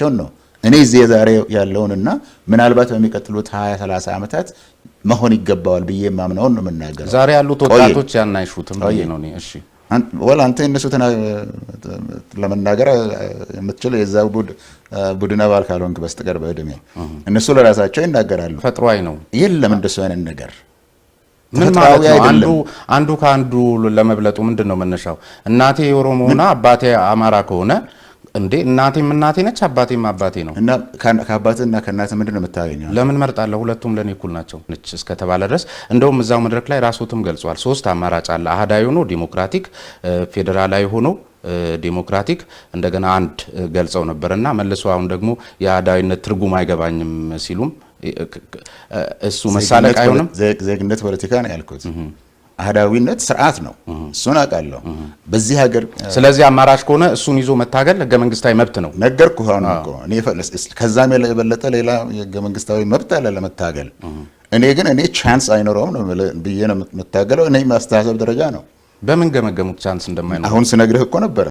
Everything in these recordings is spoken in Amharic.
መሆናቸውን ነው። እኔ እዚህ የዛሬ ያለውንና ምናልባት በሚቀጥሉት 20 30 ዓመታት መሆን ይገባዋል ብዬ ማምነውን ነው የምናገረው። ዛሬ ያሉት ወጣቶች ያን ብዬ ነው። እሺ ወል አንተ እነሱ ለመናገር የምትችል የዛ ቡድን አባል ካልሆንክ በስተቀር በእድሜ እነሱ ለራሳቸው ይናገራሉ። ፈጥሯዊ ነው። የለም እንደሱ አይነት ነገር ምን አንዱ ከአንዱ ለመብለጡ ምንድን ነው መነሻው? እናቴ የኦሮሞ ሆና አባቴ አማራ ከሆነ እንዴ እናቴም እናቴ ነች፣ አባቴም አባቴ ነው። እና ከአባትህ እና ከእናትህ ምንድን ነው የምታገኘው? ለምን መርጣለሁ? ሁለቱም ለእኔ እኩል ናቸው ነች እስከተባለ ድረስ እንደውም እዛው መድረክ ላይ ራስዎትም ገልጿል። ሶስት አማራጭ አለ። አህዳዊ ሆኖ ዲሞክራቲክ፣ ፌዴራላዊ ሆኖ ዲሞክራቲክ እንደገና አንድ ገልጸው ነበር እና መልሶ አሁን ደግሞ የአህዳዊነት ትርጉም አይገባኝም ሲሉም እሱ መሳለቅ አይሆንም። ዜግነት ፖለቲካ ነው ያልኩት አህዳዊነት ስርዓት ነው። እሱን አውቃለሁ በዚህ ሀገር። ስለዚህ አማራጭ ከሆነ እሱን ይዞ መታገል ህገ መንግስታዊ መብት ነው። ነገር ከሆነ ከዛም የበለጠ ሌላ ህገ መንግስታዊ መብት አለ ለመታገል። እኔ ግን እኔ ቻንስ አይኖረውም ብዬ ነው የምታገለው። እኔ ማስተሳሰብ ደረጃ ነው። በምን ገመገሙት ቻንስ እንደማይኖር? አሁን ስነግርህ እኮ ነበረ።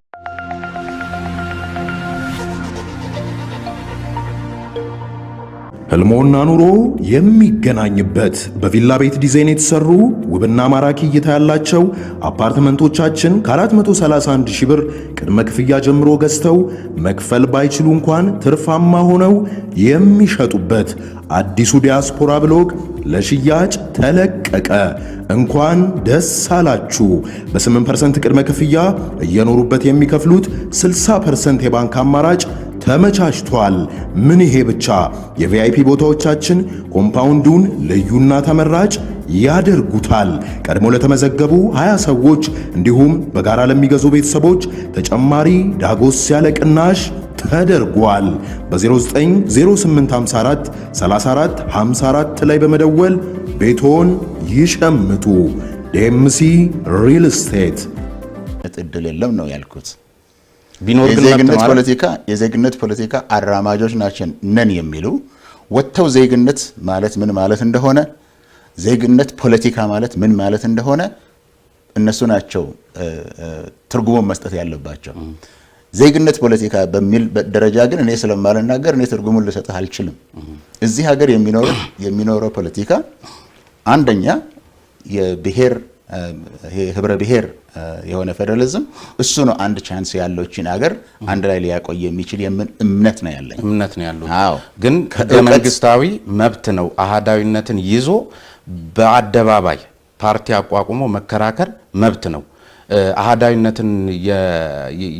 ህልሞና ኑሮ የሚገናኝበት በቪላ ቤት ዲዛይን የተሰሩ ውብና ማራኪ እይታ ያላቸው አፓርትመንቶቻችን ከ431 ሺህ ብር ቅድመ ክፍያ ጀምሮ ገዝተው መክፈል ባይችሉ እንኳን ትርፋማ ሆነው የሚሸጡበት አዲሱ ዲያስፖራ ብሎግ ለሽያጭ ተለቀቀ። እንኳን ደስ አላችሁ። በ8% ቅድመ ክፍያ እየኖሩበት የሚከፍሉት 60% የባንክ አማራጭ ተመቻችቷል። ምን ይሄ ብቻ! የቪአይፒ ቦታዎቻችን ኮምፓውንዱን ልዩና ተመራጭ ያደርጉታል። ቀድሞ ለተመዘገቡ 20 ሰዎች እንዲሁም በጋራ ለሚገዙ ቤተሰቦች ተጨማሪ ዳጎስ ያለ ቅናሽ ተደርጓል። በ090854 ላይ በመደወል ቤቶን ይሸምቱ። ዴምሲ ሪል ስቴት እድል የለም ነው ያልኩት። የዜግነት ፖለቲካ የዜግነት ፖለቲካ አራማጆች ናችን ነን የሚሉ ወጥተው ዜግነት ማለት ምን ማለት እንደሆነ ዜግነት ፖለቲካ ማለት ምን ማለት እንደሆነ እነሱ ናቸው ትርጉሙን መስጠት ያለባቸው። ዜግነት ፖለቲካ በሚል ደረጃ ግን እኔ ስለማልናገር እኔ ትርጉሙን ልሰጥህ አልችልም። እዚህ ሀገር የሚኖረው ፖለቲካ አንደኛ የብሄር ህብረ ብሄር የሆነ ፌዴራሊዝም እሱ ነው አንድ ቻንስ ያለችን ሀገር አንድ ላይ ሊያቆይ የሚችል የምን እምነት ነው ያለኝ እምነት ነው ያለው። አዎ ግን ህገ መንግስታዊ መብት ነው አህዳዊነትን ይዞ በአደባባይ ፓርቲ አቋቁሞ መከራከር መብት ነው። አህዳዊነትን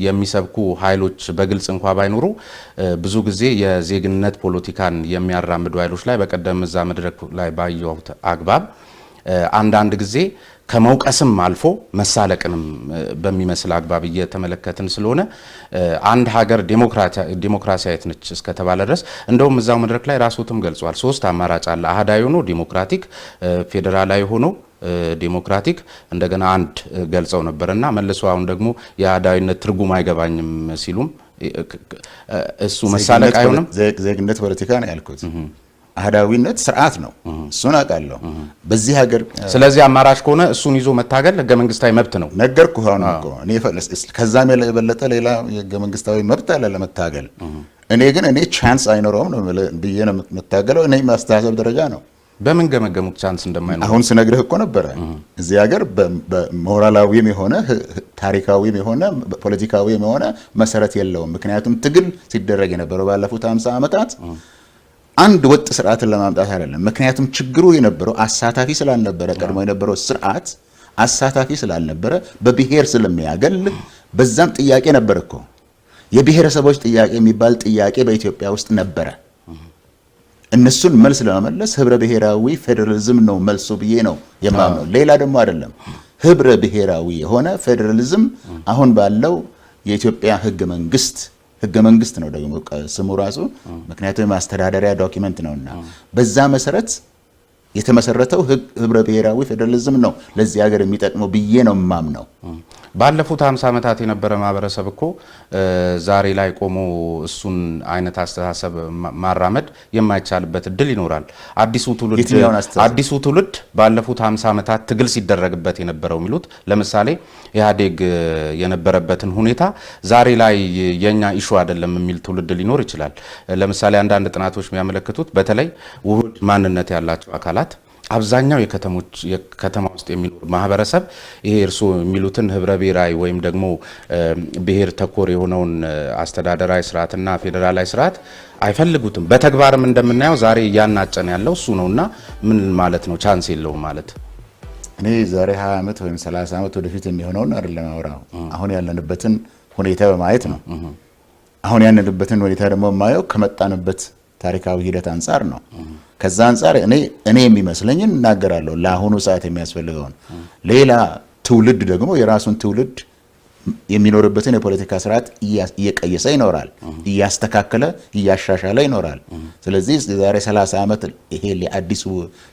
የሚሰብኩ ኃይሎች በግልጽ እንኳ ባይኖሩ ብዙ ጊዜ የዜግነት ፖለቲካን የሚያራምዱ ኃይሎች ላይ በቀደም እዛ መድረክ ላይ ባየሁት አግባብ አንዳንድ ጊዜ ከመውቀስም አልፎ መሳለቅንም በሚመስል አግባብ እየተመለከትን ስለሆነ አንድ ሀገር ዴሞክራሲያዊት ነች እስከተባለ ድረስ እንደውም እዛው መድረክ ላይ ራስዎትም ገልጿል። ሶስት አማራጭ አለ። አህዳዊ ሆኖ ዲሞክራቲክ፣ ፌዴራላዊ ሆኖ ዴሞክራቲክ እንደገና አንድ ገልጸው ነበር እና መልሶ አሁን ደግሞ የአህዳዊነት ትርጉም አይገባኝም ሲሉም እሱ መሳለቅ አይሆንም። ዜግነት ፖለቲካ ነው ያልኩት። አህዳዊነት ስርዓት ነው፣ እሱን አውቃለሁ። በዚህ ሀገር ስለዚህ አማራጭ ከሆነ እሱን ይዞ መታገል ህገ መንግስታዊ መብት ነው። ነገርኩህ። ሆነ ከዛም የበለጠ ሌላ ህገ መንግስታዊ መብት አለ ለመታገል። እኔ ግን እኔ ቻንስ አይኖረውም ብዬ ነው የምታገለው። እኔ ማስተሳሰብ ደረጃ ነው በምን ገመገሙት? ቻንስ እንደማይኖር አሁን ስነግርህ እኮ ነበረ። እዚህ ሀገር በሞራላዊም የሆነ ታሪካዊም የሆነ ፖለቲካዊም የሆነ መሰረት የለውም። ምክንያቱም ትግል ሲደረግ የነበረው ባለፉት 50 ዓመታት አንድ ወጥ ስርዓትን ለማምጣት አይደለም። ምክንያቱም ችግሩ የነበረው አሳታፊ ስላልነበረ ቀድሞ የነበረው ስርዓት አሳታፊ ስላልነበረ በብሔር ስለሚያገል በዛም ጥያቄ ነበር እኮ የብሔረሰቦች ጥያቄ የሚባል ጥያቄ በኢትዮጵያ ውስጥ ነበረ። እነሱን መልስ ለመመለስ ህብረ ብሔራዊ ፌዴራሊዝም ነው መልሱ ብዬ ነው የማምነው። ሌላ ደግሞ አይደለም። ህብረ ብሔራዊ የሆነ ፌዴራሊዝም አሁን ባለው የኢትዮጵያ ህገ መንግስት ህገ መንግስት ነው ደግሞ ስሙ ራሱ፣ ምክንያቱም ማስተዳደሪያ ዶኪመንት ነውና በዛ መሰረት የተመሰረተው ህብረ ብሔራዊ ፌዴራሊዝም ነው ለዚህ ሀገር የሚጠቅመው ብዬ ነው የማምነው። ባለፉት 50 ዓመታት የነበረ ማህበረሰብ እኮ ዛሬ ላይ ቆሞ እሱን አይነት አስተሳሰብ ማራመድ የማይቻልበት እድል ይኖራል። አዲሱ ትውልድ ባለፉት 50 ዓመታት ትግል ሲደረግበት የነበረው የሚሉት ለምሳሌ ኢህአዴግ የነበረበትን ሁኔታ ዛሬ ላይ የኛ ኢሹ አይደለም የሚል ትውልድ ሊኖር ይችላል። ለምሳሌ አንዳንድ ጥናቶች የሚያመለክቱት በተለይ ውህድ ማንነት ያላቸው አካላት አብዛኛው የከተሞች የከተማ ውስጥ የሚኖር ማህበረሰብ ይሄ እርስዎ የሚሉትን ህብረ ብሔራዊ ወይም ደግሞ ብሔር ተኮር የሆነውን አስተዳደራዊ ስርዓትና ፌዴራላዊ ስርዓት አይፈልጉትም። በተግባርም እንደምናየው ዛሬ እያናጨን ያለው እሱ እና ምን ማለት ነው? ቻንስ የለውም ማለት እኔ ዛሬ 20 ዓመት ወይም 30 ዓመት ወደፊት የሚሆነውን አይደለም አወራው አሁን ያለንበትን ሁኔታ በማየት ነው። አሁን ያለንበትን ሁኔታ ደግሞ የማየው ከመጣንበት ታሪካዊ ሂደት አንጻር ነው። ከዛ አንጻር እኔ እኔ የሚመስለኝን እናገራለሁ ለአሁኑ ሰዓት የሚያስፈልገውን። ሌላ ትውልድ ደግሞ የራሱን ትውልድ የሚኖርበትን የፖለቲካ ስርዓት እየቀየሰ ይኖራል፣ እያስተካከለ እያሻሻለ ይኖራል። ስለዚህ የዛሬ 30 ዓመት ይሄ አዲሱ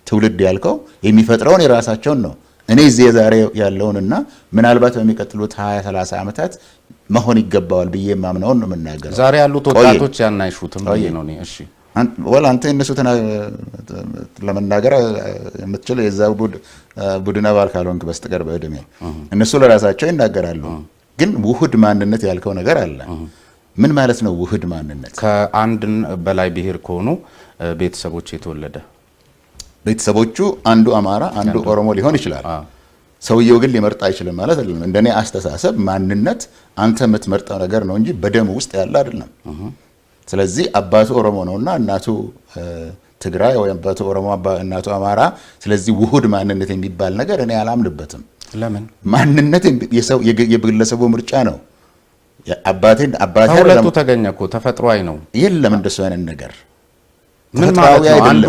ትውልድ ያልከው የሚፈጥረውን የራሳቸውን ነው። እኔ እዚህ የዛሬ ያለውንና ምናልባት በሚቀጥሉት 20 30 ዓመታት መሆን ይገባዋል ብዬ ማምነውን ነው የምናገረው። ዛሬ ያሉት ወጣቶች ያናይሹትም ነው። እሺ ወል አንተ የነሱ ለመናገር የምትችል የዛ ቡድን አባል ካልሆንክ በስተቀር በእድሜ እነሱ ለራሳቸው ይናገራሉ። ግን ውሁድ ማንነት ያልከው ነገር አለ። ምን ማለት ነው ውህድ ማንነት? ከአንድ በላይ ብሔር ከሆኑ ቤተሰቦች የተወለደ ቤተሰቦቹ አንዱ አማራ፣ አንዱ ኦሮሞ ሊሆን ይችላል። ሰውየው ግን ሊመርጥ አይችልም ማለት አይደለም። እንደኔ አስተሳሰብ ማንነት አንተ የምትመርጠው ነገር ነው እንጂ በደም ውስጥ ያለ አይደለም። ስለዚህ አባቱ ኦሮሞ ነውና እናቱ ትግራይ ወይም አባቱ ኦሮሞ እናቱ አማራ፣ ስለዚህ ውሁድ ማንነት የሚባል ነገር እኔ አላምንበትም። ለምን ማንነት የሰው የግለሰቡ ምርጫ ነው። አባቴ አባቴ ሁለቱ ተገኘ እኮ ተፈጥሯዊ ነው። የለም እንደሱ አይነት ነገር ምን ማለት ነው? አንዱ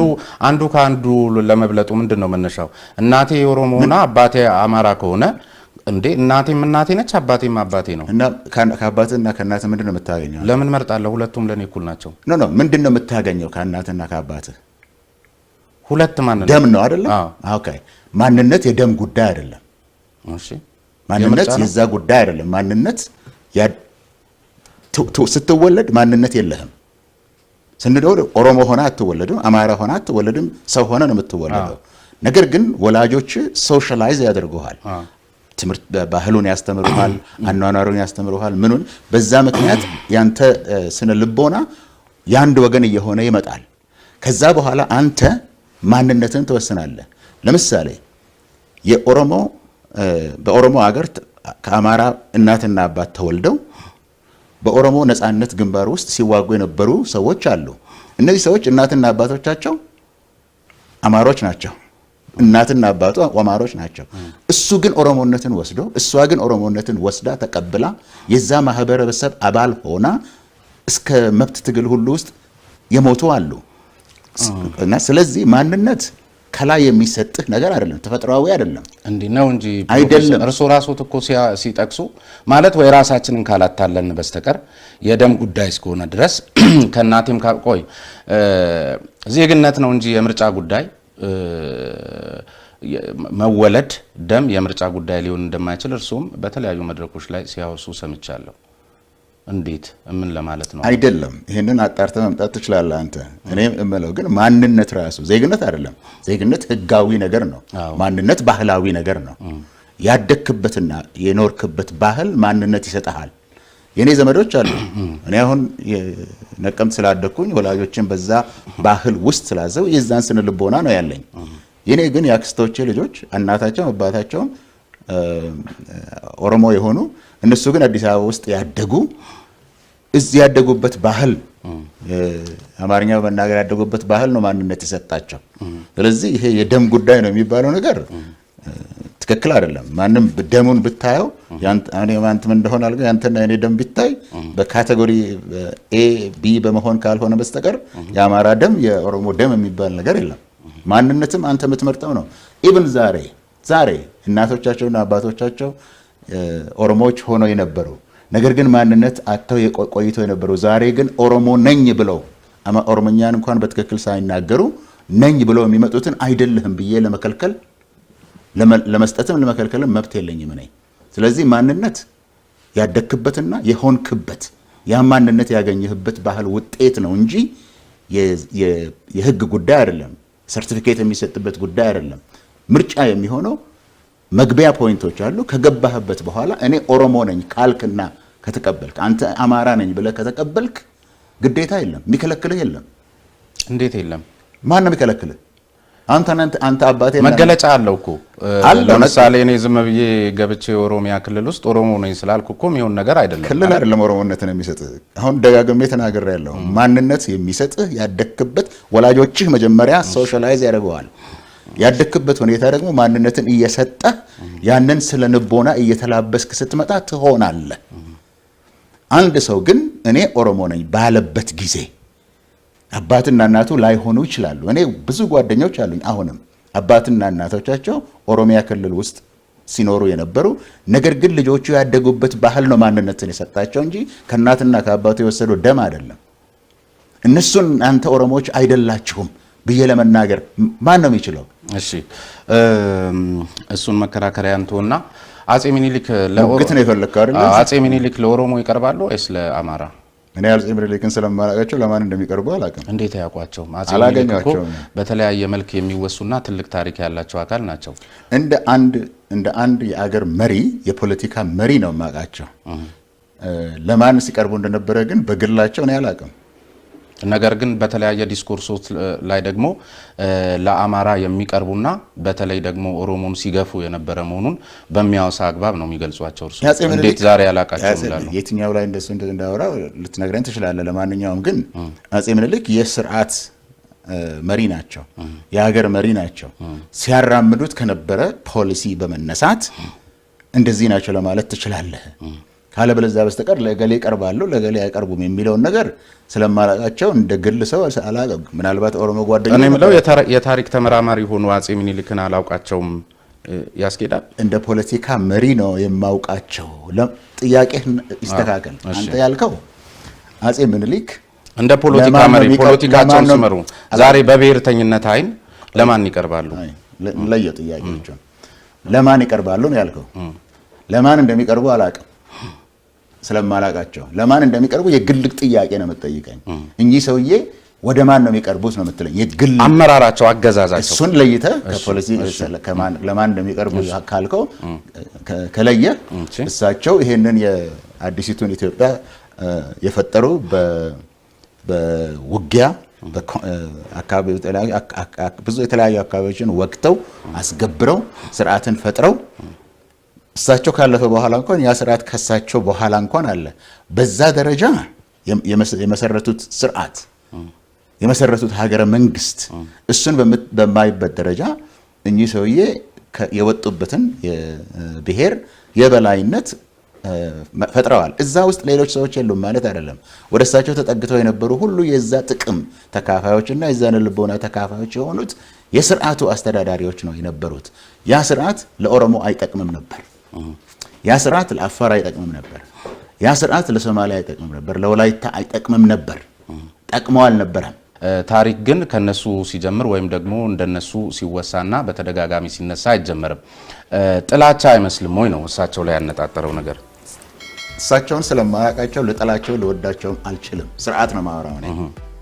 አንዱ ከአንዱ ለመብለጡ ምንድን ነው መነሻው? እናቴ ኦሮሞና አባቴ አማራ ከሆነ እንዴ እናቴም እናቴ ነች፣ አባቴም አባቴ ነው። እና ከአባትና ከእናት ምንድን ነው የምታገኘው? ለምን መርጣለሁ? ሁለቱም ለእኔ እኩል ናቸው። ኖ ኖ፣ ምንድን ነው የምታገኘው ከእናትና ከአባትህ? ሁለት ማንነት ደም ነው አይደለም? ኦኬ። ማንነት የደም ጉዳይ አይደለም። እሺ፣ ማንነት የዛ ጉዳይ አይደለም። ማንነት ስትወለድ ማንነት የለህም። ስንደውል ኦሮሞ ሆነ አትወለድም፣ አማራ ሆነ አትወለድም፣ ሰው ሆነ ነው የምትወለደው። ነገር ግን ወላጆች ሶሻላይዝ ያደርገዋል? ትምህርት ባህሉን ያስተምሩሃል፣ አኗኗሩን ያስተምሩሃል። ምኑን በዛ ምክንያት ያንተ ስነ ልቦና የአንድ ወገን እየሆነ ይመጣል። ከዛ በኋላ አንተ ማንነትን ትወስናለህ። ለምሳሌ የኦሮሞ በኦሮሞ ሀገር ከአማራ እናትና አባት ተወልደው በኦሮሞ ነፃነት ግንባር ውስጥ ሲዋጉ የነበሩ ሰዎች አሉ። እነዚህ ሰዎች እናትና አባቶቻቸው አማሮች ናቸው። እናትና አባቱ ወማሮች ናቸው። እሱ ግን ኦሮሞነትን ወስዶ እሷ ግን ኦሮሞነትን ወስዳ ተቀብላ የዛ ማህበረሰብ አባል ሆና እስከ መብት ትግል ሁሉ ውስጥ የሞቱ አሉ እና ስለዚህ ማንነት ከላይ የሚሰጥህ ነገር አይደለም፣ ተፈጥሯዊ አይደለም። እንዲህ ነው እንጂ አይደለም። እርሱ ራሱ እኮ ሲጠቅሱ ማለት ወይ ራሳችንን ካላታለን በስተቀር የደም ጉዳይ እስከሆነ ድረስ ከእናቴም ቆይ ዜግነት ነው እንጂ የምርጫ ጉዳይ መወለድ ደም የምርጫ ጉዳይ ሊሆን እንደማይችል እርሱም በተለያዩ መድረኮች ላይ ሲያወሱ ሰምቻለሁ። እንዴት ምን ለማለት ነው? አይደለም ይህንን አጣርተ መምጣት ትችላለህ አንተ። እኔ እምለው ግን ማንነት ራሱ ዜግነት አይደለም። ዜግነት ህጋዊ ነገር ነው። ማንነት ባህላዊ ነገር ነው። ያደግክበትና የኖርክበት ባህል ማንነት ይሰጠሃል። የእኔ ዘመዶች አሉ። እኔ አሁን ነቀምት ስላደግኩኝ ወላጆችን በዛ ባህል ውስጥ ስላዘው የዛን ስነ ልቦና ነው ያለኝ። የኔ ግን የአክስቶቼ ልጆች እናታቸውም አባታቸውም ኦሮሞ የሆኑ እነሱ ግን አዲስ አበባ ውስጥ ያደጉ እዚህ ያደጉበት ባህል አማርኛ በመናገር ያደጉበት ባህል ነው ማንነት የሰጣቸው። ስለዚህ ይሄ የደም ጉዳይ ነው የሚባለው ነገር ትክክል አይደለም። ማንም ደሙን ብታየው ያንተም እንደሆነ አል ያንተና የኔ ደም ቢታይ በካቴጎሪ ኤ ቢ በመሆን ካልሆነ በስተቀር የአማራ ደም የኦሮሞ ደም የሚባል ነገር የለም። ማንነትም አንተ የምትመርጠው ነው። ኢብን ዛሬ ዛሬ እናቶቻቸውና አባቶቻቸው ኦሮሞዎች ሆነው የነበሩ ነገር ግን ማንነት አተው ቆይተው የነበሩ ዛሬ ግን ኦሮሞ ነኝ ብለው ኦሮሞኛን እንኳን በትክክል ሳይናገሩ ነኝ ብለው የሚመጡትን አይደለህም ብዬ ለመከልከል ለመስጠትም ለመከልከልም መብት የለኝም እኔ። ስለዚህ ማንነት ያደግክበትና የሆንክበት ያ ማንነት ያገኘህበት ባህል ውጤት ነው እንጂ የህግ ጉዳይ አይደለም። ሰርቲፊኬት የሚሰጥበት ጉዳይ አይደለም። ምርጫ የሚሆነው መግቢያ ፖይንቶች አሉ። ከገባህበት በኋላ እኔ ኦሮሞ ነኝ ካልክና ከተቀበልክ፣ አንተ አማራ ነኝ ብለህ ከተቀበልክ ግዴታ የለም፣ የሚከለክልህ የለም። እንዴት የለም? ማን ነው የሚከለክልህ? አንተ አንተ አባቴ መገለጫ አለው እኮ ለምሳሌ እኔ ዝም ብዬ ገብቼ ኦሮሚያ ክልል ውስጥ ኦሮሞ ነኝ ስላልኩ እኮ የሚሆን ነገር አይደለም። ክልል አይደለም ኦሮሞነትን የሚሰጥህ አሁን ደጋግሜ ተናግሬ ያለው ማንነት የሚሰጥህ ያደግክበት ወላጆችህ መጀመሪያ ሶሻላይዝ ያደርገዋል። ያደክበት ሁኔታ ደግሞ ማንነትን እየሰጠ ያንን ስለ ንቦና እየተላበስክ ስትመጣ ትሆናለህ። አንድ ሰው ግን እኔ ኦሮሞ ነኝ ባለበት ጊዜ አባትና እናቱ ላይሆኑ ይችላሉ። እኔ ብዙ ጓደኞች አሉኝ አሁንም አባትና እናቶቻቸው ኦሮሚያ ክልል ውስጥ ሲኖሩ የነበሩ ነገር ግን ልጆቹ ያደጉበት ባህል ነው ማንነትን የሰጣቸው እንጂ ከእናትና ከአባቱ የወሰዱ ደም አይደለም። እነሱን አንተ ኦሮሞዎች አይደላችሁም ብዬ ለመናገር ማን ነው የሚችለው? እሺ እሱን መከራከሪያ እንትና አጼ ሚኒሊክ ለኦሮሞ ነው የፈለግከው አይደለ? አጼ ሚኒሊክ ለኦሮሞ ይቀርባሉ ወይስ ለአማራ? እኔ አፄ ምኒልክን ስለማላውቃቸው ለማን እንደሚቀርቡ አላውቅም። እንዴት አያውቋቸውም? አፄ በተለያየ መልክ የሚወሱና ትልቅ ታሪክ ያላቸው አካል ናቸው። እንደ አንድ እንደ አንድ የአገር መሪ የፖለቲካ መሪ ነው የማውቃቸው። ለማን ሲቀርቡ እንደነበረ ግን በግላቸው እኔ አላውቅም። ነገር ግን በተለያየ ዲስኮርሶች ላይ ደግሞ ለአማራ የሚቀርቡና በተለይ ደግሞ ኦሮሞን ሲገፉ የነበረ መሆኑን በሚያወሳ አግባብ ነው የሚገልጿቸው። እርሱ እንዴት ዛሬ ያላቃቸው የትኛው ላይ እንደሱ እንዳወራ ልትነግረኝ ትችላለህ። ለማንኛውም ግን አጼ ምኒልክ የስርዓት መሪ ናቸው፣ የሀገር መሪ ናቸው። ሲያራምዱት ከነበረ ፖሊሲ በመነሳት እንደዚህ ናቸው ለማለት ትችላለህ። ካለበለዚያ በስተቀር ለገሌ ቀርባለሁ ለገሌ አይቀርቡም የሚለውን ነገር ስለማላቃቸው እንደ ግል ሰው አላቀም። ምናልባት ኦሮሞ ጓደኛ እኔ የምለው የታሪክ ተመራማሪ ሆኑ አጼ ምኒልክን አላውቃቸውም ያስኬዳል። እንደ ፖለቲካ መሪ ነው የማውቃቸው። ጥያቄ ይስተካከል። አንተ ያልከው አጼ ምኒልክ እንደ ፖለቲካ መሪ ፖለቲካቸውን ሲመሩ ዛሬ በብሔርተኝነት አይን ለማን ይቀርባሉ? ለየ ጥያቄዎችን ለማን ይቀርባሉ ነው ያልከው። ለማን እንደሚቀርቡ አላውቅም። ስለማላቃቸው ለማን እንደሚቀርቡ የግልቅ ጥያቄ ነው የምትጠይቀኝ እንጂ ሰውዬ ወደ ማን ነው የሚቀርቡት ነው የምትለኝ። የግል አመራራቸው፣ አገዛዛቸው እሱን ለይተ ከፖሊሲ ለማን እንደሚቀርቡ ካልከው ከለየ እሳቸው ይሄንን የአዲሲቱን ኢትዮጵያ የፈጠሩ በውጊያ ብዙ የተለያዩ አካባቢዎችን ወቅተው አስገብረው ስርዓትን ፈጥረው እሳቸው ካለፈ በኋላ እንኳን ያ ስርዓት ከሳቸው በኋላ እንኳን አለ። በዛ ደረጃ የመሰረቱት ስርዓት የመሰረቱት ሀገረ መንግስት እሱን በማይበት ደረጃ እኚህ ሰውዬ የወጡበትን ብሔር የበላይነት ፈጥረዋል። እዛ ውስጥ ሌሎች ሰዎች የሉም ማለት አይደለም። ወደ እሳቸው ተጠግተው የነበሩ ሁሉ የዛ ጥቅም ተካፋዮችና የዛን ልቦና ተካፋዮች የሆኑት የስርዓቱ አስተዳዳሪዎች ነው የነበሩት። ያ ስርዓት ለኦሮሞ አይጠቅምም ነበር። ያ ስርዓት ለአፋር አይጠቅምም ነበር። ያ ስርዓት ለሶማሊያ አይጠቅምም ነበር። ለወላይታ አይጠቅምም ነበር። ጠቅመው አልነበረም። ታሪክ ግን ከነሱ ሲጀምር ወይም ደግሞ እንደነሱ ሲወሳና በተደጋጋሚ ሲነሳ አይጀመርም። ጥላቻ አይመስልም ወይ ነው እሳቸው ላይ ያነጣጠረው ነገር። እሳቸውን ስለማያውቃቸው ልጠላቸው ልወዳቸውም አልችልም። ስርዓት ነው ማወራው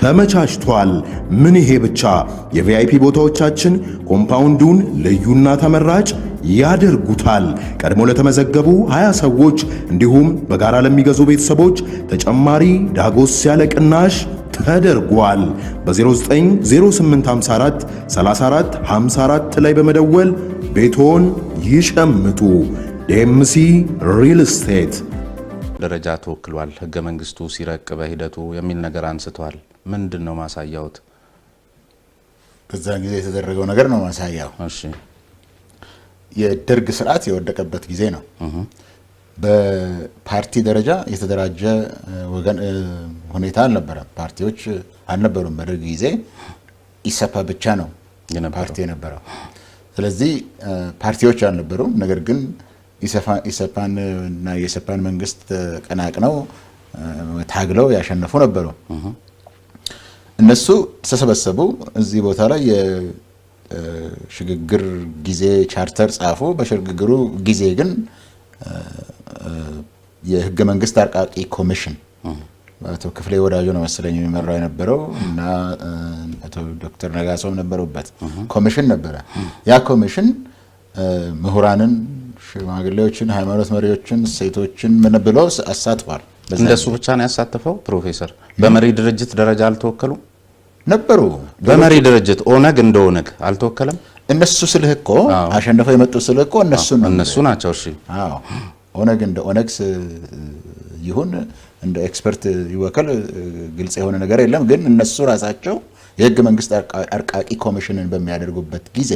ተመቻችቷል። ምን ይሄ ብቻ! የቪአይፒ ቦታዎቻችን ኮምፓውንዱን ልዩና ተመራጭ ያደርጉታል። ቀድሞ ለተመዘገቡ 20 ሰዎች እንዲሁም በጋራ ለሚገዙ ቤተሰቦች ተጨማሪ ዳጎስ ያለ ቅናሽ ተደርጓል። በ0908543454 34 54 ላይ በመደወል ቤቶን ይሸምቱ። ዴምሲ ሪል ስቴት ደረጃ ተወክሏል። ህገ መንግስቱ ሲረቅ በሂደቱ የሚል ነገር አንስተዋል። ምንድን ነው ማሳያውት? በዛን ጊዜ የተደረገው ነገር ነው ማሳያው። የደርግ ስርዓት የወደቀበት ጊዜ ነው። በፓርቲ ደረጃ የተደራጀ ወገን ሁኔታ አልነበረም። ፓርቲዎች አልነበሩም። በደርግ ጊዜ ኢሰፓ ብቻ ነው ፓርቲ የነበረው። ስለዚህ ፓርቲዎች አልነበሩም። ነገር ግን ኢሰፓን እና የኢሰፓን መንግስት ቀናቅነው ታግለው ያሸነፉ ነበሩ። እነሱ ተሰበሰቡ። እዚህ ቦታ ላይ የሽግግር ጊዜ ቻርተር ጻፉ። በሽግግሩ ጊዜ ግን የህገ መንግስት አርቃቂ ኮሚሽን አቶ ክፍሌ ወዳጆ ነው መሰለኝ የሚመራው የነበረው እና አቶ ዶክተር ነጋሶም ነበሩበት። ኮሚሽን ነበረ። ያ ኮሚሽን ምሁራንን፣ ሽማግሌዎችን፣ ሃይማኖት መሪዎችን፣ ሴቶችን ምን ብሎ አሳትፏል። እንደሱ ብቻ ነው ያሳተፈው? ፕሮፌሰር በመሪ ድርጅት ደረጃ አልተወከሉም? ነበሩ። በመሪ ድርጅት ኦነግ እንደ ኦነግ አልተወከለም። እነሱ ስልህ እኮ አሸንፈው የመጡት ስልህ እኮ እነሱ እነሱ ናቸው። እሺ አዎ፣ ኦነግ እንደ ኦነግ ይሁን እንደ ኤክስፐርት ይወከል ግልጽ የሆነ ነገር የለም። ግን እነሱ ራሳቸው የህገ መንግስት አርቃቂ ኮሚሽንን በሚያደርጉበት ጊዜ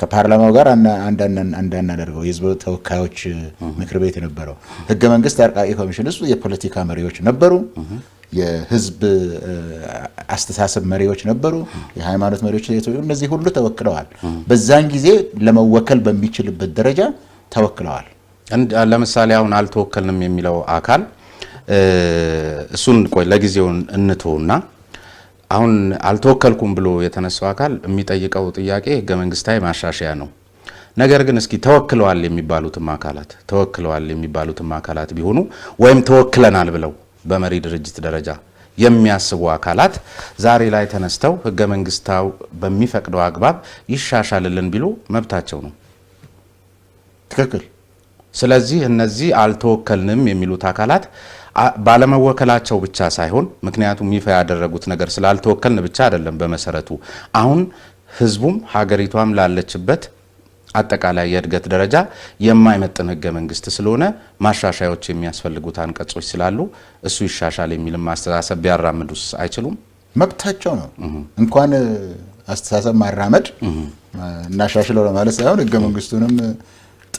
ከፓርላማው ጋር እንዳናደርገው የህዝብ ተወካዮች ምክር ቤት የነበረው ህገ መንግስት አርቃቂ ኮሚሽን ውስጥ የፖለቲካ መሪዎች ነበሩ። የህዝብ አስተሳሰብ መሪዎች ነበሩ፣ የሃይማኖት መሪዎች፣ እነዚህ ሁሉ ተወክለዋል። በዛን ጊዜ ለመወከል በሚችልበት ደረጃ ተወክለዋል። ለምሳሌ አሁን አልተወከልንም የሚለው አካል እሱን ቆይ ለጊዜው እንትውና አሁን አልተወከልኩም ብሎ የተነሳው አካል የሚጠይቀው ጥያቄ ህገ መንግስታዊ ማሻሻያ ነው። ነገር ግን እስኪ ተወክለዋል የሚባሉትም አካላት ተወክለዋል የሚባሉትም አካላት ቢሆኑ ወይም ተወክለናል ብለው በመሪ ድርጅት ደረጃ የሚያስቡ አካላት ዛሬ ላይ ተነስተው ህገ መንግስታው በሚፈቅደው አግባብ ይሻሻልልን ቢሉ መብታቸው ነው። ትክክል። ስለዚህ እነዚህ አልተወከልንም የሚሉት አካላት ባለመወከላቸው ብቻ ሳይሆን ምክንያቱም ይፋ ያደረጉት ነገር ስላልተወከልን ብቻ አይደለም። በመሰረቱ አሁን ህዝቡም ሀገሪቷም ላለችበት አጠቃላይ የእድገት ደረጃ የማይመጥን ህገ መንግስት ስለሆነ ማሻሻያዎች የሚያስፈልጉት አንቀጾች ስላሉ እሱ ይሻሻል የሚልም አስተሳሰብ ቢያራምዱስ አይችሉም? መብታቸው ነው። እንኳን አስተሳሰብ ማራመድ እናሻሽለው ለማለት ሳይሆን ህገ መንግስቱንም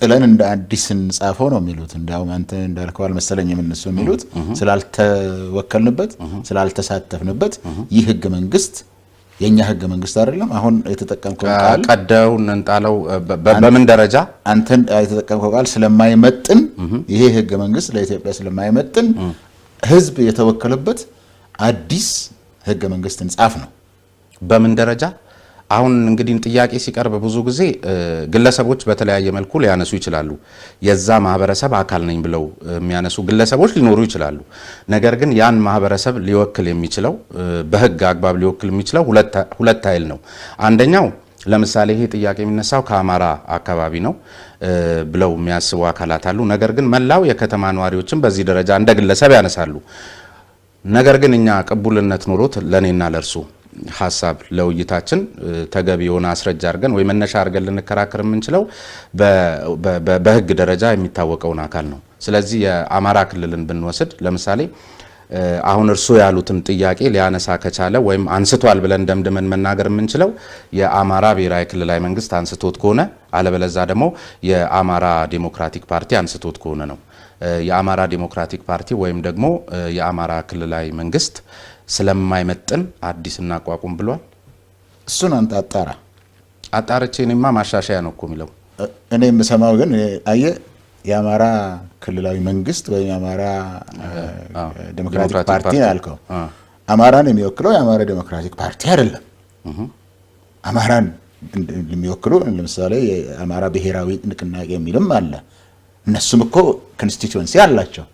ጥለን እንደ አዲስ እንጻፈው ነው የሚሉት። እንዲያውም አንተ እንዳልከው አልመሰለኝ የምንሱ የሚሉት ስላልተወከልንበት ስላልተሳተፍንበት ይህ ህገ መንግስት የእኛ ህገ መንግስት አይደለም። አሁን የተጠቀምከው ቃል ቀደው እንንጣለው በምን ደረጃ አንተን የተጠቀምከው ቃል ስለማይመጥን ይሄ ህገ መንግስት ለኢትዮጵያ ስለማይመጥን ህዝብ የተወከለበት አዲስ ህገ መንግስት እንጻፍ ነው። በምን ደረጃ አሁን እንግዲህ ጥያቄ ሲቀርብ ብዙ ጊዜ ግለሰቦች በተለያየ መልኩ ሊያነሱ ይችላሉ። የዛ ማህበረሰብ አካል ነኝ ብለው የሚያነሱ ግለሰቦች ሊኖሩ ይችላሉ። ነገር ግን ያን ማህበረሰብ ሊወክል የሚችለው በህግ አግባብ ሊወክል የሚችለው ሁለት ኃይል ነው። አንደኛው ለምሳሌ ይሄ ጥያቄ የሚነሳው ከአማራ አካባቢ ነው ብለው የሚያስቡ አካላት አሉ። ነገር ግን መላው የከተማ ነዋሪዎችን በዚህ ደረጃ እንደ ግለሰብ ያነሳሉ። ነገር ግን እኛ ቅቡልነት ኖሮት ለእኔና ለእርሱ ሀሳብ ለውይይታችን ተገቢ የሆነ አስረጃ አድርገን ወይ መነሻ አድርገን ልንከራከር የምንችለው በህግ ደረጃ የሚታወቀውን አካል ነው። ስለዚህ የአማራ ክልልን ብንወስድ ለምሳሌ አሁን እርሱ ያሉትን ጥያቄ ሊያነሳ ከቻለ ወይም አንስቷል ብለን ደምድመን መናገር የምንችለው የአማራ ብሔራዊ ክልላዊ መንግስት አንስቶት ከሆነ አለበለዛ ደግሞ የአማራ ዴሞክራቲክ ፓርቲ አንስቶት ከሆነ ነው። የአማራ ዴሞክራቲክ ፓርቲ ወይም ደግሞ የአማራ ክልላዊ መንግስት ስለማይመጥን አዲስ እናቋቁም ብሏል። እሱን አንተ አጣራ። አጣርቼ እኔማ ማሻሻያ ነው እኮ የሚለው እኔ የምሰማው ግን አየ የአማራ ክልላዊ መንግስት ወይም የአማራ ዴሞክራቲክ ፓርቲ ያልከው አማራን የሚወክለው የአማራ ዴሞክራቲክ ፓርቲ አይደለም። አማራን የሚወክሉ ለምሳሌ የአማራ ብሔራዊ ንቅናቄ የሚልም አለ። እነሱም እኮ ኮንስቲትዌንሲ አላቸው።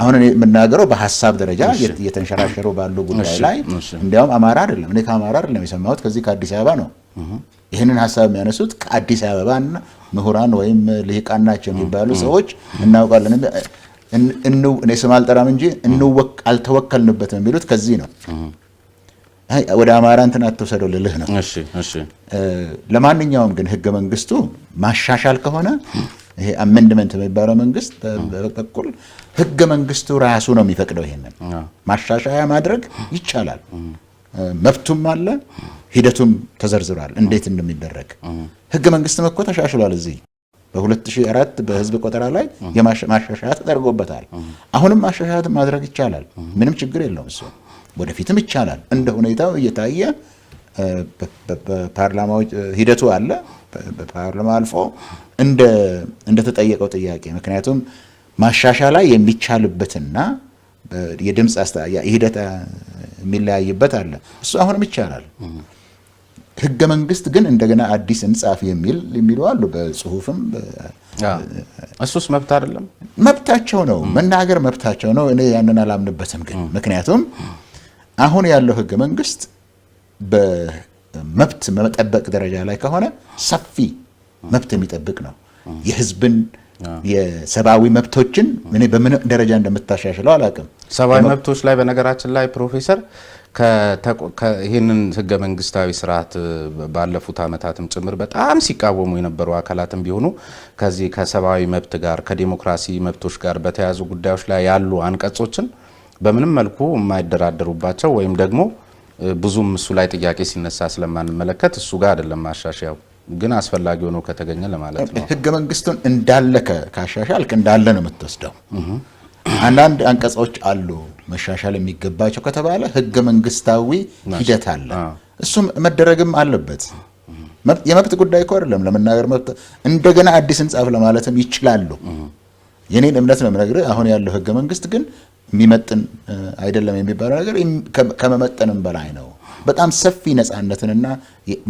አሁን እኔ የምናገረው በሀሳብ ደረጃ እየተንሸራሸሩ ባሉ ጉዳይ ላይ እንዲያውም አማራ አይደለም፣ እኔ ከአማራ አይደለም የሰማሁት ከዚህ ከአዲስ አበባ ነው። ይህንን ሀሳብ የሚያነሱት ከአዲስ አበባ ምሁራን ወይም ልሂቃን ናቸው የሚባሉ ሰዎች እናውቃለን። እኔ ስም አልጠራም እንጂ አልተወከልንበትም የሚሉት ከዚህ ነው። ወደ አማራ እንትን አትውሰደው ልልህ ነው። ለማንኛውም ግን ህገ መንግስቱ ማሻሻል ከሆነ ይሄ አሜንድመንት የሚባለው መንግስት በበኩል ህገ መንግስቱ ራሱ ነው የሚፈቅደው። ይሄንን ማሻሻያ ማድረግ ይቻላል። መብቱም አለ፣ ሂደቱም ተዘርዝሯል። እንዴት እንደሚደረግ ህገ መንግስትም እኮ ተሻሽሏል። እዚህ በ2004 በህዝብ ቆጠራ ላይ ማሻሻያ ተደርጎበታል። አሁንም ማሻሻያ ማድረግ ይቻላል። ምንም ችግር የለውም እሱ ወደፊትም ይቻላል። እንደ ሁኔታው እየታየ በፓርላማው ሂደቱ አለ፣ በፓርላማ አልፎ እንደተጠየቀው ጥያቄ ምክንያቱም ላይ የሚቻልበትና የድምፅ የሂደት የሚለያይበት አለ። እሱ አሁንም ይቻላል። ህገ መንግስት ግን እንደገና አዲስ እንጻፍ የሚል የሚሉ አሉ። በጽሁፍም እሱስ መብት አይደለም? መብታቸው ነው፣ መናገር መብታቸው ነው። እኔ ያንን አላምንበትም ግን ምክንያቱም አሁን ያለው ህገ መንግስት በመብት መጠበቅ ደረጃ ላይ ከሆነ ሰፊ መብት የሚጠብቅ ነው የህዝብን የሰብአዊ መብቶችን እኔ በምን ደረጃ እንደምታሻሽለው አላውቅም። ሰብአዊ መብቶች ላይ በነገራችን ላይ ፕሮፌሰር ይህንን ህገ መንግስታዊ ስርዓት ባለፉት ዓመታትም ጭምር በጣም ሲቃወሙ የነበሩ አካላትም ቢሆኑ ከዚህ ከሰብአዊ መብት ጋር ከዲሞክራሲ መብቶች ጋር በተያያዙ ጉዳዮች ላይ ያሉ አንቀጾችን በምንም መልኩ የማይደራደሩባቸው ወይም ደግሞ ብዙም እሱ ላይ ጥያቄ ሲነሳ ስለማንመለከት እሱ ጋር አይደለም ማሻሻያው ግን አስፈላጊ ሆኖ ከተገኘ ለማለት ነው። ህገ መንግስቱን እንዳለ ካሻሻልክ እንዳለ ነው የምትወስደው። አንዳንድ አንቀጾች አሉ መሻሻል የሚገባቸው ከተባለ ህገ መንግስታዊ ሂደት አለ። እሱም መደረግም አለበት። የመብት ጉዳይ እኮ አይደለም ለመናገር መብት። እንደገና አዲስ እንጻፍ ለማለትም ይችላሉ። የኔን እምነት ነው የምነግርህ። አሁን ያለው ህገ መንግስት ግን የሚመጥን አይደለም የሚባለው ነገር ከመመጠንም በላይ ነው። በጣም ሰፊ ነፃነትንና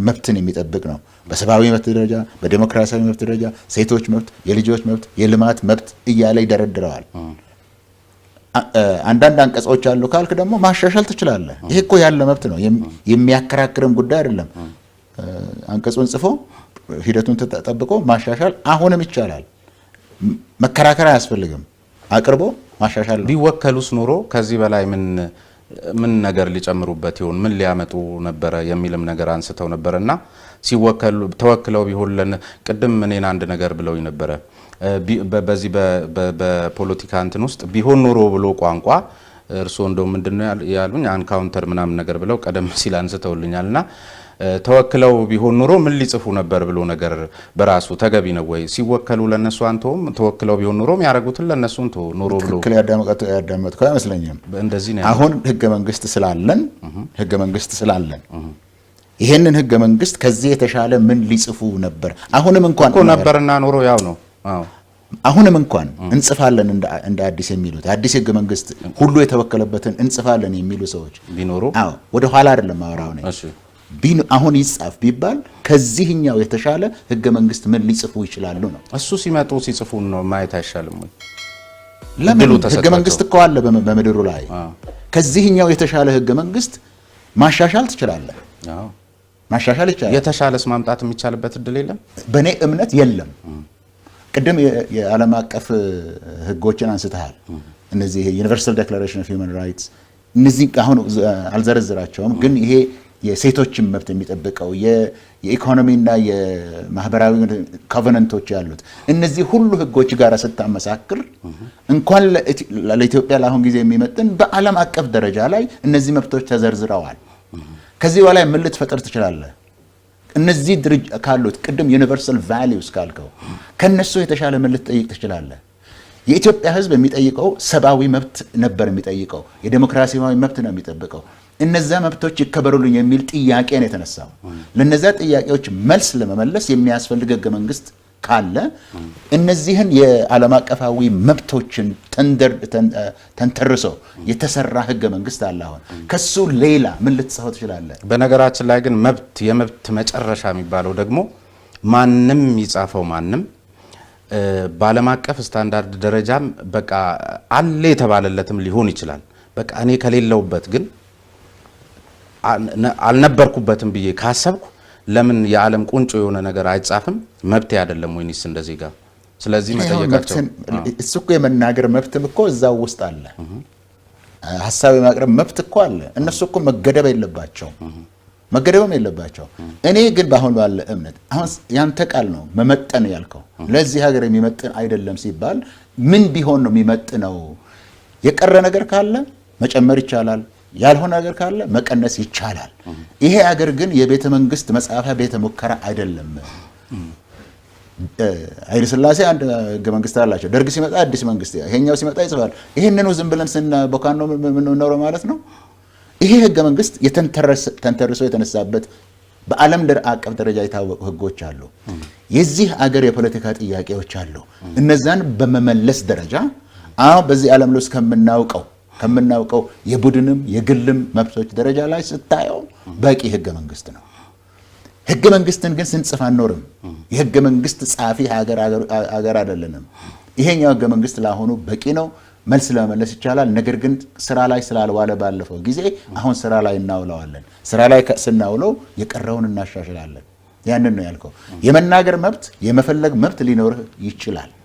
መብትን የሚጠብቅ ነው። በሰብአዊ መብት ደረጃ፣ በዴሞክራሲያዊ መብት ደረጃ ሴቶች መብት፣ የልጆች መብት፣ የልማት መብት እያለ ይደረድረዋል። አንዳንድ አንቀጾች አሉ ካልክ ደግሞ ማሻሻል ትችላለህ። ይሄ እኮ ያለ መብት ነው፣ የሚያከራክርም ጉዳይ አይደለም። አንቀጹን ጽፎ ሂደቱን ተጠብቆ ማሻሻል አሁንም ይቻላል። መከራከር አያስፈልግም። አቅርቦ ማሻሻል ቢወከሉስ ኑሮ ከዚህ በላይ ምን ምን ነገር ሊጨምሩበት ይሆን ምን ሊያመጡ ነበረ የሚልም ነገር አንስተው ነበረ እና ሲወከሉ ተወክለው ቢሆን ለን ቅድም እኔን አንድ ነገር ብለውኝ ነበረ በዚህ በፖለቲካ እንትን ውስጥ ቢሆን ኖሮ ብሎ ቋንቋ እርስዎ እንደው ምንድነው ያሉኝ አንካውንተር ምናምን ነገር ብለው ቀደም ሲል አንስተውልኛል እና ተወክለው ቢሆን ኑሮ ምን ሊጽፉ ነበር ብሎ ነገር በራሱ ተገቢ ነው ወይ? ሲወከሉ ለነሱ አንተውም ተወክለው ቢሆን ኑሮ ያደረጉትን ለነሱ አንተ ኑሮ ብሎ ትክክል ያዳመጥከው አይመስለኝም። እንደዚህ ነው። አሁን ህገ መንግስት ስላለን ህገ መንግስት ስላለን ይሄንን ህገ መንግስት ከዚህ የተሻለ ምን ሊጽፉ ነበር? አሁንም እንኳን እኮ ነበርና ኑሮ ያው ነው። አዎ አሁንም እንኳን እንጽፋለን እንደ አዲስ የሚሉት አዲስ ህገ መንግስት ሁሉ የተወከለበትን እንጽፋለን የሚሉ ሰዎች ቢኖሩ አዎ ወደ ኋላ አይደለም ማወራው ነው። አሁን ይጻፍ ቢባል ከዚህኛው የተሻለ ህገ መንግስት ምን ሊጽፉ ይችላሉ ነው። እሱ ሲመጡ ሲጽፉ ነው ማየት አይሻልም ወይ? ለምን ህገ መንግስት እኮ አለ በምድሩ ላይ። ከዚህኛው የተሻለ ህገ መንግስት ማሻሻል ትችላለህ፣ ማሻሻል ይቻላል። የተሻለስ ማምጣት የሚቻልበት እድል የለም? በእኔ እምነት የለም። ቅድም የዓለም አቀፍ ህጎችን አንስተሃል። እነዚህ ዩኒቨርሳል ዴክላሬሽን ኦፍ ሂውማን ራይትስ እነዚህ አሁን አልዘረዝራቸውም፣ ግን ይሄ የሴቶችን መብት የሚጠብቀው የኢኮኖሚና የማህበራዊ ኮቨነንቶች ያሉት እነዚህ ሁሉ ህጎች ጋር ስታመሳክር እንኳን ለኢትዮጵያ ለአሁን ጊዜ የሚመጥን በዓለም አቀፍ ደረጃ ላይ እነዚህ መብቶች ተዘርዝረዋል። ከዚህ በላይ ምን ልትፈጥር ትችላለህ? እነዚህ ድርጅ ካሉት ቅድም ዩኒቨርሳል ቫሊዩስ ካልከው ከነሱ የተሻለ ምን ልትጠይቅ ትችላለህ? የኢትዮጵያ ህዝብ የሚጠይቀው ሰብአዊ መብት ነበር። የሚጠይቀው የዴሞክራሲያዊ መብት ነው የሚጠብቀው እነዛ መብቶች ይከበሩልኝ የሚል ጥያቄ ነው የተነሳው። ለነዛ ጥያቄዎች መልስ ለመመለስ የሚያስፈልግ ህገ መንግስት ካለ እነዚህን የዓለም አቀፋዊ መብቶችን ተንተርሶ የተሰራ ህገ መንግስት አለ። አሁን ከሱ ሌላ ምን ልትጽፈው ትችላለ? በነገራችን ላይ ግን መብት የመብት መጨረሻ የሚባለው ደግሞ ማንም ይጻፈው ማንም በዓለም አቀፍ ስታንዳርድ ደረጃም በቃ አለ የተባለለትም ሊሆን ይችላል። በቃ እኔ ከሌለውበት ግን አልነበርኩበትም ብዬ ካሰብኩ ለምን የዓለም ቁንጮ የሆነ ነገር አይጻፍም? መብቴ አይደለም ወይኒስ እንደዚህ ጋር ስለዚህ መጠየቃቸው እሱ እኮ የመናገር መብትም እኮ እዛው ውስጥ አለ። ሀሳብ የማቅረብ መብት እኮ አለ። እነሱ እኮ መገደብ የለባቸው መገደብም የለባቸው። እኔ ግን በአሁን ባለ እምነት አሁን ያንተ ቃል ነው መመጠን ያልከው ለዚህ ሀገር የሚመጥን አይደለም ሲባል ምን ቢሆን ነው የሚመጥነው? የቀረ ነገር ካለ መጨመር ይቻላል። ያልሆነ ነገር ካለ መቀነስ ይቻላል። ይሄ አገር ግን የቤተ መንግስት መጽሐፊያ ቤተ ሙከራ አይደለም። ኃይለ ሥላሴ አንድ ህገ መንግስት አላቸው። ደርግ ሲመጣ አዲስ መንግስት፣ ይሄኛው ሲመጣ ይጽፋል። ይህንኑ ዝም ብለን ስናቦካን ነው የምንኖረው ማለት ነው። ይሄ ህገ መንግስት ተንተርሶ የተነሳበት በዓለም አቀፍ ደረጃ የታወቁ ህጎች አሉ። የዚህ አገር የፖለቲካ ጥያቄዎች አሉ። እነዛን በመመለስ ደረጃ አሁን በዚህ ዓለም ላይ እስከምናውቀው ከምናውቀው የቡድንም የግልም መብቶች ደረጃ ላይ ስታየው በቂ ህገ መንግስት ነው። ህገ መንግስትን ግን ስንጽፍ አንኖርም። የህገ መንግስት ጻፊ ሀገር አይደለንም። ይሄኛው ህገ መንግስት ለአሁኑ በቂ ነው፣ መልስ ለመመለስ ይቻላል። ነገር ግን ስራ ላይ ስላልዋለ ባለፈው ጊዜ አሁን ስራ ላይ እናውለዋለን። ስራ ላይ ስናውለው የቀረውን እናሻሽላለን። ያንን ነው ያልከው። የመናገር መብት የመፈለግ መብት ሊኖርህ ይችላል።